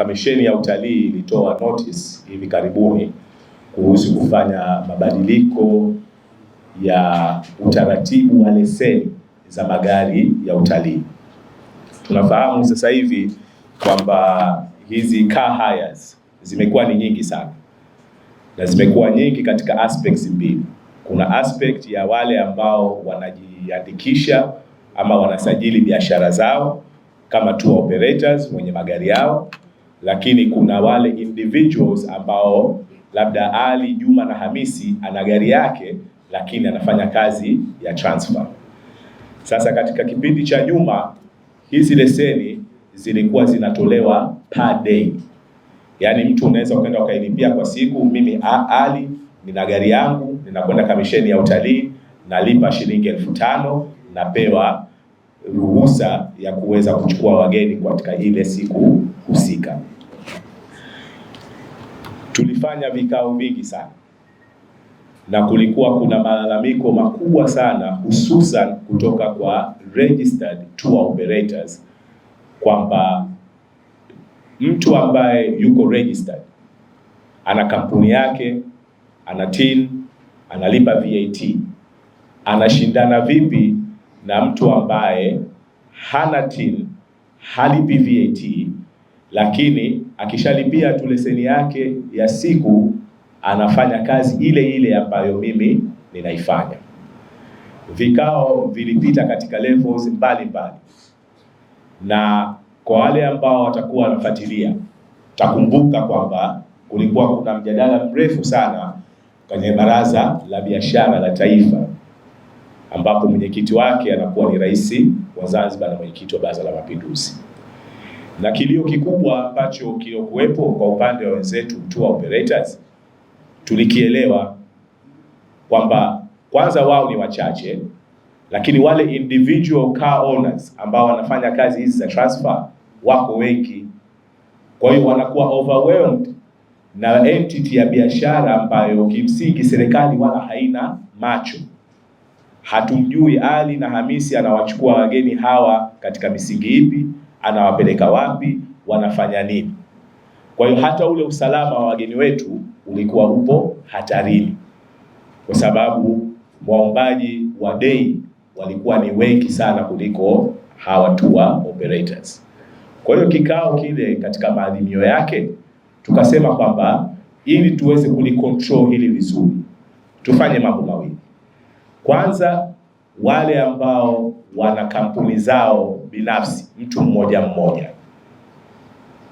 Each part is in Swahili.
Kamisheni ya Utalii ilitoa notice hivi karibuni kuhusu kufanya mabadiliko ya utaratibu wa leseni za magari ya utalii. Tunafahamu sasa hivi kwamba hizi car hires zimekuwa ni nyingi sana na zimekuwa nyingi katika aspects mbili. Kuna aspect ya wale ambao wanajiandikisha ama wanasajili biashara zao kama tour operators wenye magari yao, lakini kuna wale individuals ambao labda Ali Juma na Hamisi ana gari yake, lakini anafanya kazi ya transfer. Sasa katika kipindi cha nyuma hizi leseni zilikuwa zinatolewa per day, yaani mtu unaweza ukaenda ukailipia kwa siku. Mimi Ali nina gari yangu, ninakwenda kamisheni ya utalii, nalipa shilingi elfu tano napewa ruhusa ya kuweza kuchukua wageni katika ile siku husika. Tulifanya vikao vingi sana na kulikuwa kuna malalamiko makubwa sana hususan kutoka kwa registered tour operators kwamba mtu ambaye yuko registered ana kampuni yake, ana TIN, analipa VAT, anashindana vipi na mtu ambaye hana TIN, halipi VAT lakini akishalipia tu leseni yake ya siku anafanya kazi ile ile ambayo mimi ninaifanya. Vikao vilipita katika levels mbalimbali, na kwa wale ambao watakuwa wanafuatilia, takumbuka kwamba kulikuwa kuna mjadala mrefu sana kwenye Baraza la Biashara la Taifa ambapo mwenyekiti wake anakuwa ni Rais wa Zanzibar na mwenyekiti wa Baraza la Mapinduzi na kilio kikubwa ambacho kiliokuwepo kwa upande wa wenzetu tour operators tulikielewa kwamba kwanza wao ni wachache, lakini wale individual car owners ambao wanafanya kazi hizi za transfer wako wengi, kwa hiyo wanakuwa overwhelmed na entity ya biashara ambayo kimsingi serikali wala haina macho. Hatumjui Ali na Hamisi anawachukua wageni hawa katika misingi ipi anawapeleka wapi, wanafanya nini. Kwa hiyo hata ule usalama wa wageni wetu ulikuwa upo hatarini, kwa sababu waombaji wa dei walikuwa ni wengi sana kuliko hawa tour operators. Kwa hiyo kikao kile, katika maadhimio yake, tukasema kwamba ili tuweze kulikontrol hili vizuri, tufanye mambo mawili. Kwanza, wale ambao wana kampuni zao binafsi, mtu mmoja mmoja.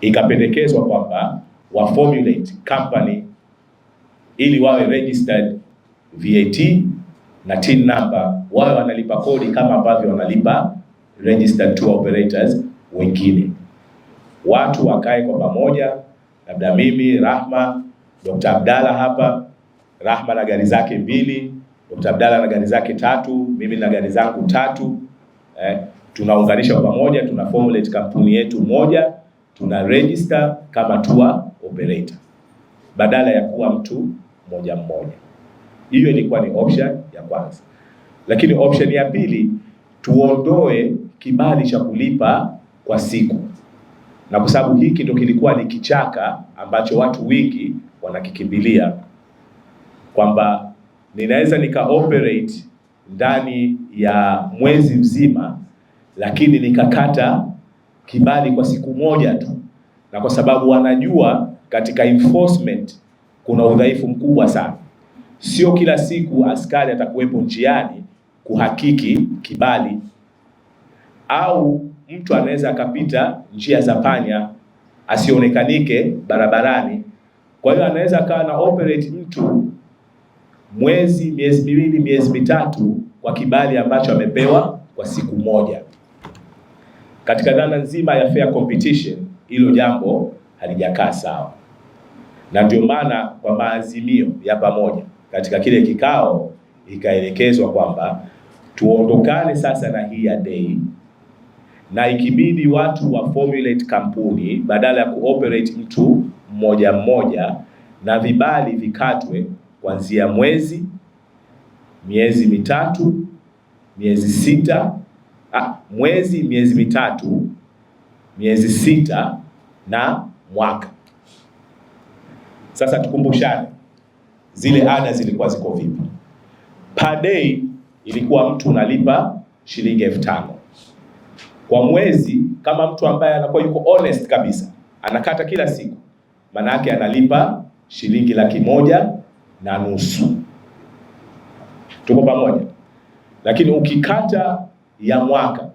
Ikapendekezwa kwamba wa formulate company ili wawe registered VAT na TIN number, wawe wanalipa kodi kama ambavyo wanalipa registered tour operators wengine. Watu wakae kwa pamoja, labda mimi Rahma, Dr. Abdalla hapa, Rahma na gari zake mbili, Dr. Abdalla na gari zake tatu, mimi na gari zangu tatu eh tunaunganisha kwa pamoja, tuna formulate kampuni yetu moja, tuna register kama tour operator badala ya kuwa mtu moja mmoja. Hiyo ilikuwa ni option ya kwanza, lakini option ya pili tuondoe kibali cha kulipa kwa siku, na kwa sababu hiki ndo kilikuwa ni kichaka ambacho watu wengi wanakikimbilia kwamba ninaweza nika operate ndani ya mwezi mzima lakini nikakata kibali kwa siku moja tu, na kwa sababu wanajua katika enforcement kuna udhaifu mkubwa sana. Sio kila siku askari atakuwepo njiani kuhakiki kibali, au mtu anaweza akapita njia za panya asionekanike barabarani. Kwa hiyo anaweza akawa na operate mtu mwezi, miezi miwili, miezi mitatu kwa kibali ambacho amepewa kwa siku moja katika dhana nzima ya fair competition, hilo jambo halijakaa sawa, na ndio maana kwa maazimio ya pamoja katika kile kikao ikaelekezwa kwamba tuondokane sasa na hii ya dei na ikibidi watu wa formulate kampuni badala ya kuoperate mtu mmoja mmoja, na vibali vikatwe kuanzia mwezi, miezi mitatu, miezi sita ah, mwezi, miezi mitatu, miezi sita na mwaka. Sasa tukumbushane zile ada zilikuwa ziko vipi? Per day ilikuwa mtu unalipa shilingi elfu tano kwa mwezi. Kama mtu ambaye anakuwa yuko honest kabisa anakata kila siku, maana yake analipa shilingi laki moja na nusu. Tuko pamoja? Lakini ukikata ya mwaka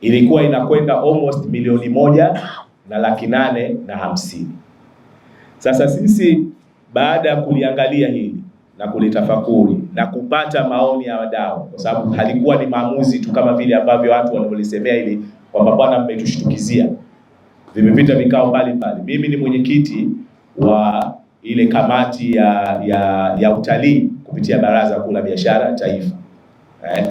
ilikuwa inakwenda almost milioni moja na laki nane na hamsini. Sasa sisi baada ya kuliangalia hili na kulitafakuri na kupata maoni ya wadau, kwa sababu halikuwa ni maamuzi tu kama vile ambavyo watu wanaolisemea hili kwamba bwana, mmetushtukizia. Vimepita vikao mbalimbali. Mimi ni mwenyekiti wa ile kamati ya ya, ya utalii kupitia Baraza Kuu la Biashara Taifa eh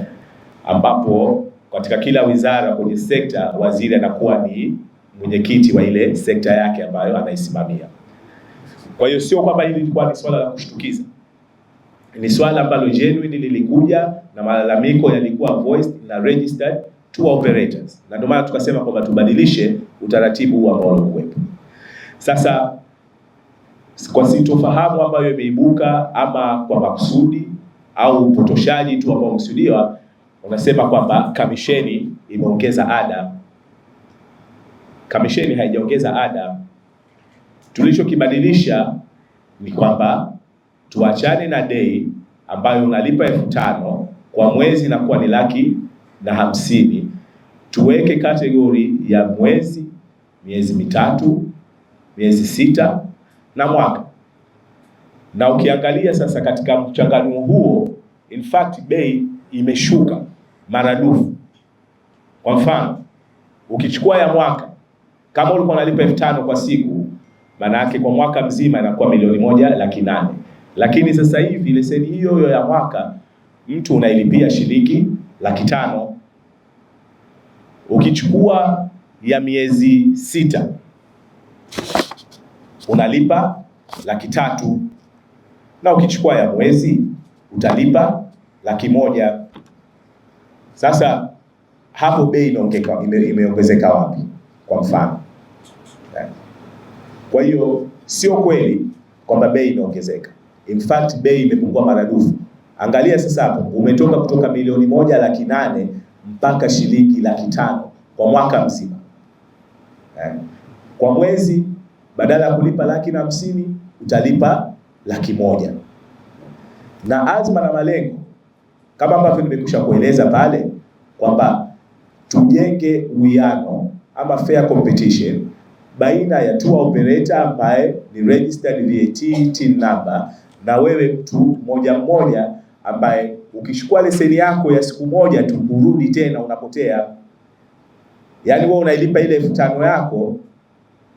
ambapo katika kila wizara kwenye sekta waziri anakuwa ni mwenyekiti wa ile sekta yake ambayo anaisimamia. Kwa hiyo sio kwamba hili lilikuwa ni swala la kushtukiza, ni swala ambalo genuine lilikuja na malalamiko yalikuwa voiced na registered to operators, na ndio maana tukasema kwamba tubadilishe utaratibu huu ambao ulikuwepo. Sasa kwa sintofahamu ambayo imeibuka ama kwa makusudi au upotoshaji tu ambao umekusudiwa unasema kwamba kamisheni imeongeza ada. Kamisheni haijaongeza ada. Tulichokibadilisha ni kwamba tuachane na dei ambayo unalipa elfu tano kwa mwezi na kuwa ni laki na hamsini, tuweke kategori ya mwezi, miezi mitatu, miezi sita na mwaka. Na ukiangalia sasa katika mchanganuo huo, in fact bei imeshuka maradufu. Kwa mfano, ukichukua ya mwaka kama ulikuwa unalipa elfu tano kwa siku, maana yake kwa mwaka mzima inakuwa milioni moja laki nane. Lakini sasa hivi leseni hiyo hiyo ya mwaka mtu unailipia shilingi laki tano. Ukichukua ya miezi sita unalipa laki tatu, na ukichukua ya mwezi utalipa laki moja. Sasa hapo bei imeongezeka ime wapi? Kwa mfano, eh. kwa hiyo sio kweli kwamba bei imeongezeka, in fact bei imepungua maradufu. Angalia sasa hapo, umetoka kutoka milioni moja laki nane mpaka shilingi laki tano kwa mwaka mzima. Eh. Kwa mwezi badala ya kulipa laki na hamsini utalipa laki moja na azma na malengo kama ambavyo nimekusha kueleza pale kwamba tujenge uwiano ama fair competition baina ya tour operator ambaye ni registered VAT TIN number na wewe mtu mmoja mmoja ambaye ukichukua leseni yako ya siku moja tu kurudi tena unapotea. Yaani wewe unailipa ile elfu tano yako,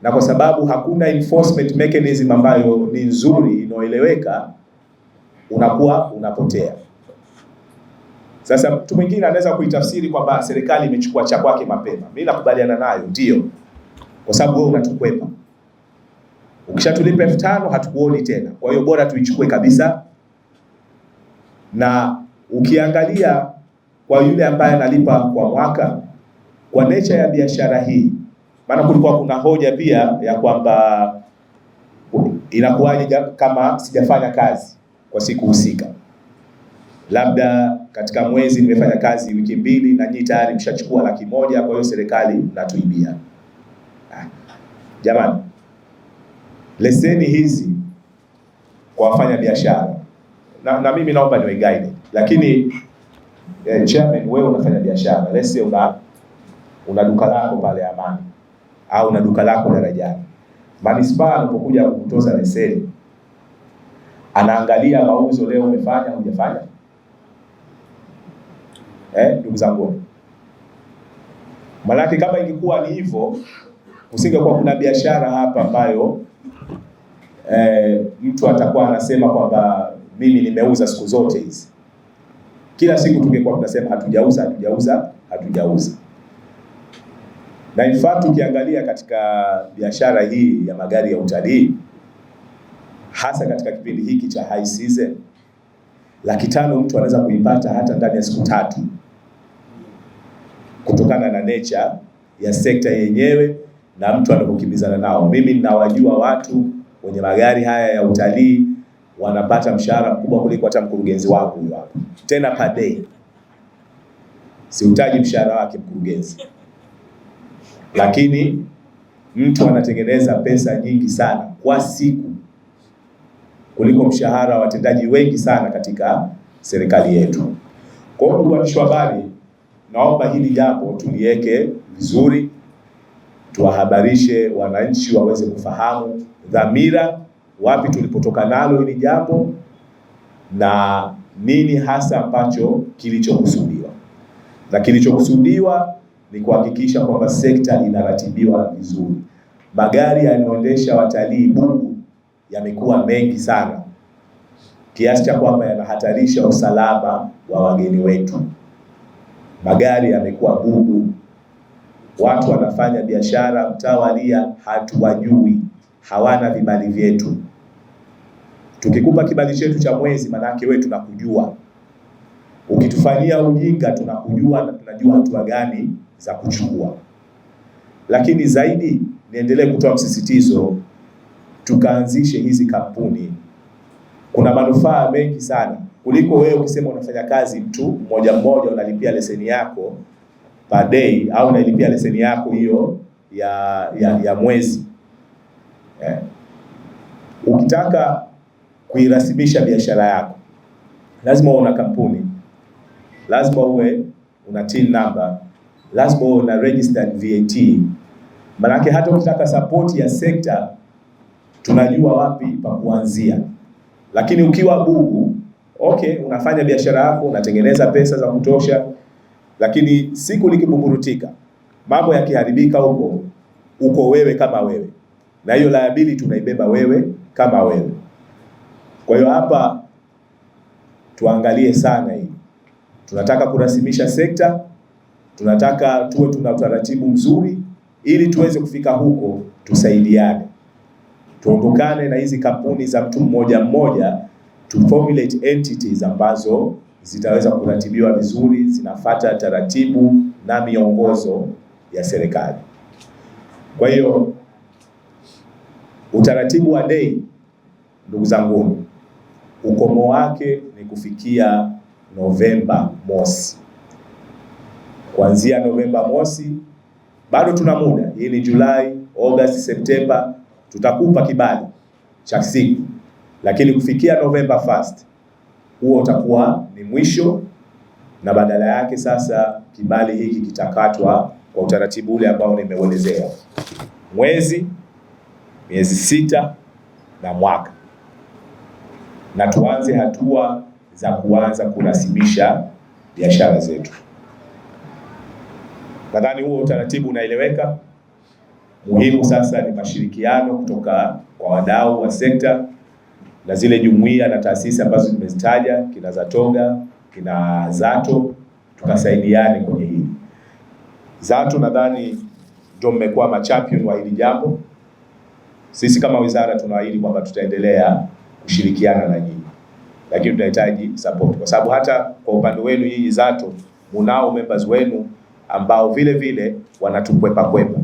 na kwa sababu hakuna enforcement mechanism ambayo ni nzuri inayoeleweka, unakuwa unapotea. Sasa mtu mwingine anaweza kuitafsiri kwamba serikali imechukua cha kwake mapema. Mimi nakubaliana nayo, ndio, kwa sababu wewe unatukwepa. Ukishatulipa elfu tano hatukuoni tena, kwa hiyo bora tuichukue kabisa. Na ukiangalia kwa yule ambaye analipa kwa mwaka, kwa necha ya biashara hii, maana kulikuwa kuna hoja pia ya kwamba inakuwaje kama sijafanya kazi kwa siku husika, labda katika mwezi nimefanya kazi wiki mbili na nyinyi tayari mshachukua laki moja. Kwa hiyo serikali mnatuibia. Jamani, leseni hizi kwa wafanya biashara na, na mimi naomba niwe guide, lakini eh, chairman, wewe unafanya biashara lesi, una una duka lako pale Amani au una duka lako Darajani, manispaa anapokuja kukutoza leseni anaangalia mauzo leo umefanya hujafanya eh, ndugu zangu. Maanake kama ingekuwa ni hivyo usingekuwa kuna biashara hapa ambayo eh, mtu atakuwa anasema kwamba mimi nimeuza siku zote hizi. Kila siku tungekuwa tunasema hatujauza, hatujauza, hatujauza. Na in fact ukiangalia katika biashara hii ya magari ya utalii hasa katika kipindi hiki cha high season, laki tano mtu anaweza kuipata hata ndani ya siku tatu kutokana na nature ya sekta yenyewe na mtu anapokimbizana nao. Mimi ninawajua watu wenye magari haya ya utalii wanapata mshahara mkubwa kuliko hata mkurugenzi wangu huyo hapa, tena per day. Siutaji mshahara wake mkurugenzi, lakini mtu anatengeneza pesa nyingi sana kwa siku kuliko mshahara wa watendaji wengi sana katika serikali yetu. Kwa hiyo, ndugu waandishi wa habari, naomba hili jambo tuliweke vizuri, tuwahabarishe wananchi waweze kufahamu dhamira, wapi tulipotoka nalo hili jambo na nini hasa ambacho kilichokusudiwa, na kilichokusudiwa ni kuhakikisha kwamba sekta inaratibiwa vizuri. Magari yanayoendesha watalii bungu yamekuwa mengi sana kiasi cha kwamba yanahatarisha usalama wa wageni wetu magari yamekuwa bubu, watu wanafanya biashara mtawalia, hatuwajui, hawana vibali vyetu. Tukikupa kibali chetu cha mwezi, manake wewe tunakujua. Ukitufanyia ujinga, tunakujua na tunajua hatua gani za kuchukua. Lakini zaidi, niendelee kutoa msisitizo, tukaanzishe hizi kampuni, kuna manufaa mengi sana kuliko wewe ukisema unafanya kazi mtu mmoja mmoja, unalipia leseni yako per day au unalipia leseni yako hiyo ya, ya, ya mwezi eh. Ukitaka kuirasimisha biashara yako lazima uwe una kampuni, lazima uwe una TIN number, lazima uwe una registered VAT. Manake hata ukitaka support ya sekta tunajua wapi pa kuanzia, lakini ukiwa bubu okay, unafanya biashara yako, unatengeneza pesa za kutosha, lakini siku likibuburutika, mambo yakiharibika huko, uko wewe kama wewe, na hiyo liability unaibeba wewe kama wewe. Kwa hiyo hapa tuangalie sana hii. Tunataka kurasimisha sekta, tunataka tuwe tuna utaratibu mzuri ili tuweze kufika huko, tusaidiane, tuondokane na hizi kampuni za mtu mmoja mmoja to formulate entities ambazo zitaweza kuratibiwa vizuri, zinafata taratibu na miongozo ya serikali. Kwa hiyo utaratibu wa dei, ndugu zangu, ukomo wake ni kufikia Novemba mosi. Kuanzia Novemba mosi bado tuna muda, hii ni Julai, August, Septemba, tutakupa kibali cha siku lakini kufikia November 1 huo utakuwa ni mwisho, na badala yake sasa kibali hiki kitakatwa kwa utaratibu ule ambao nimeuelezea: mwezi, miezi sita na mwaka, na tuanze hatua za kuanza kurasimisha biashara zetu. Nadhani huo utaratibu unaeleweka. Muhimu sasa ni mashirikiano kutoka kwa wadau wa sekta na zile jumuiya na taasisi ambazo nimezitaja kina Zatoga kina Zato, tukasaidiane kwenye hili. Zato nadhani ndio mmekuwa machampion wa hili jambo. Sisi kama wizara tunaahidi kwamba tutaendelea kushirikiana na nyinyi, lakini tunahitaji support, kwa sababu hata kwa upande wenu nyinyi Zato munao members wenu ambao vile vile wanatukwepa kwepa,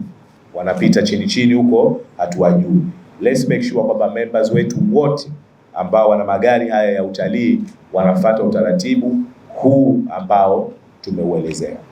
wanapita chini chini huko hatuwajui. Let's make sure kwamba members wetu wote ambao wana magari haya ya utalii wanafata utaratibu huu ambao tumeuelezea.